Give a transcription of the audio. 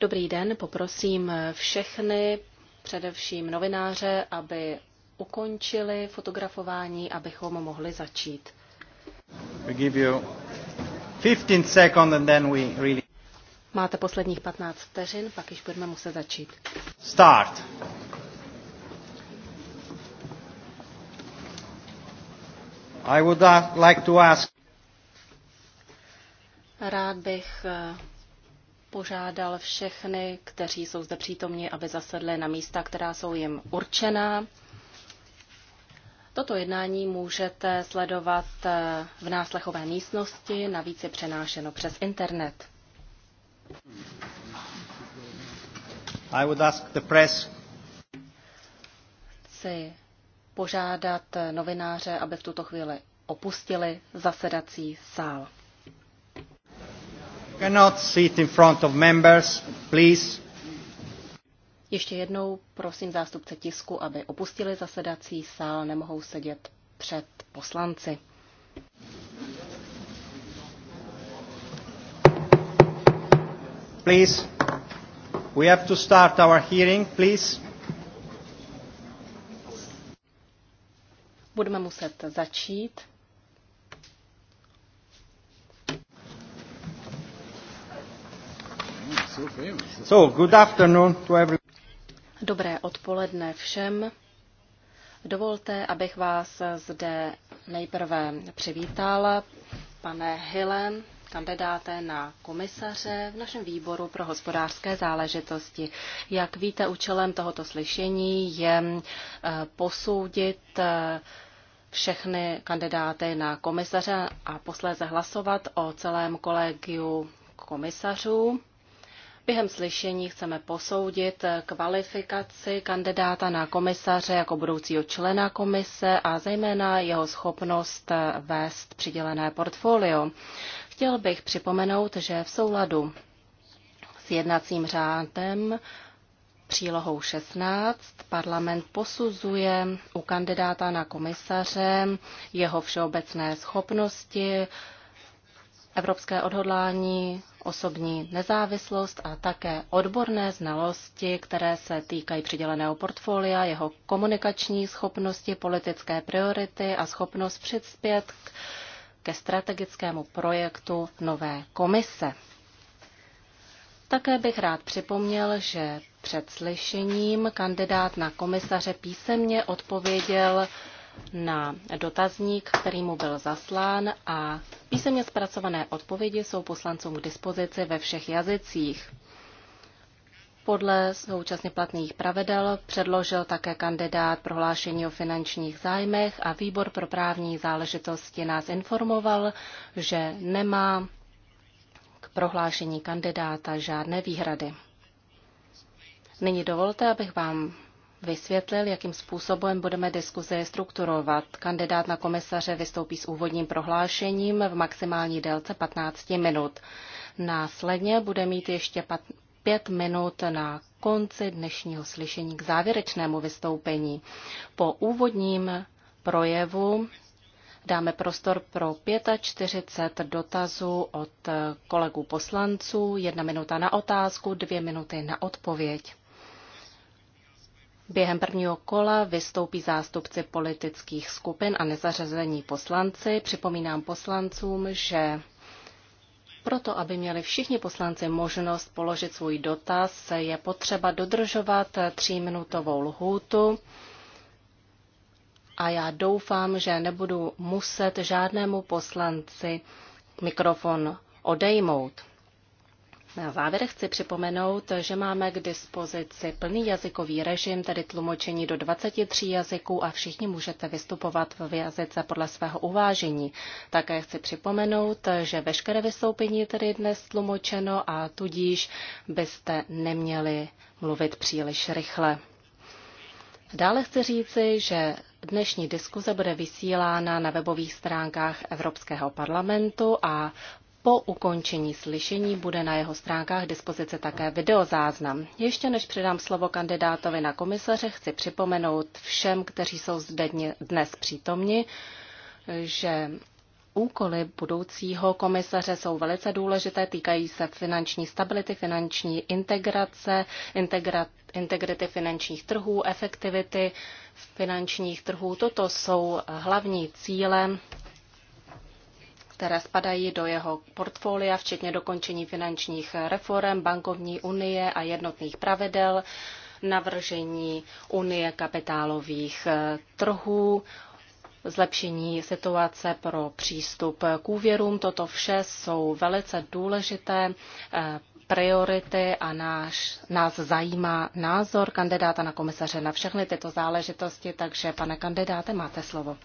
Dobrý den, poprosím všechny, především novináře, aby ukončili fotografování, abychom mohli začít. Máte posledních 15 vteřin, pak již budeme muset začít. Start. I would uh, like to ask... Rád bych uh, požádal všechny, kteří jsou zde přítomni, aby zasedli na místa, která jsou jim určená. Toto jednání můžete sledovat uh, v náslechové místnosti, navíc je přenášeno přes internet. I would ask the press. Chci požádat novináře, aby v tuto chvíli opustili zasedací sál. Cannot sit in front of members, please. Ještě jednou prosím zástupce tisku, aby opustili zasedací sál, nemohou sedět před poslanci. Please, we have to start our hearing, please. Budeme muset začít. So, good afternoon to every... Dobré odpoledne všem. Dovolte, abych vás zde nejprve přivítal, pane Hillen, kandidáte na komisaře v našem výboru pro hospodářské záležitosti. Jak víte, účelem tohoto slyšení je eh, posoudit eh, všechny kandidáty na komisaře a posléze hlasovat o celém kolegiu komisařů. Během slyšení chceme posoudit kvalifikaci kandidáta na komisaře jako budoucího člena komise a zejména jeho schopnost vést přidělené portfolio. Chtěl bych připomenout, že v souladu s jednacím řádem přílohou 16 parlament posuzuje u kandidáta na komisaře jeho všeobecné schopnosti, evropské odhodlání, osobní nezávislost a také odborné znalosti, které se týkají přiděleného portfolia, jeho komunikační schopnosti, politické priority a schopnost přispět ke strategickému projektu nové komise. Také bych rád připomněl, že před slyšením kandidát na komisaře písemně odpověděl na dotazník, který mu byl zaslán a písemně zpracované odpovědi jsou poslancům k dispozici ve všech jazycích. Podle současně platných pravidel předložil také kandidát prohlášení o finančních zájmech a výbor pro právní záležitosti nás informoval, že nemá k prohlášení kandidáta žádné výhrady. Nyní dovolte, abych vám vysvětlil, jakým způsobem budeme diskuze strukturovat. Kandidát na komisaře vystoupí s úvodním prohlášením v maximální délce 15 minut. Následně bude mít ještě 5 minut na konci dnešního slyšení k závěrečnému vystoupení. Po úvodním projevu dáme prostor pro 45 dotazů od kolegů poslanců, jedna minuta na otázku, dvě minuty na odpověď. Během prvního kola vystoupí zástupci politických skupin a nezařazení poslanci. Připomínám poslancům, že proto, aby měli všichni poslanci možnost položit svůj dotaz, je potřeba dodržovat tříminutovou lhůtu a já doufám, že nebudu muset žádnému poslanci mikrofon odejmout. Na závěr chci připomenout, že máme k dispozici plný jazykový režim, tedy tlumočení do 23 jazyků a všichni můžete vystupovat v jazyce podle svého uvážení. Také chci připomenout, že veškeré vystoupení je tedy dnes tlumočeno a tudíž byste neměli mluvit příliš rychle. Dále chci říci, že dnešní diskuze bude vysílána na webových stránkách Evropského parlamentu a po ukončení slyšení bude na jeho stránkách dispozice také videozáznam. Ještě než předám slovo kandidátovi na komisaře, chci připomenout všem, kteří jsou zde dnes přítomni, že úkoly budoucího komisaře jsou velice důležité, týkají se finanční stability, finanční integrace, integra, integrity finančních trhů, efektivity finančních trhů. Toto jsou hlavní cíle které spadají do jeho portfolia, včetně dokončení finančních reform, bankovní unie a jednotných pravidel, navržení unie kapitálových eh, trhů, zlepšení situace pro přístup k úvěrům. Toto vše jsou velice důležité eh, priority a náš, nás zajímá názor kandidáta na komisaře na všechny tyto záležitosti, takže pane kandidáte, máte slovo.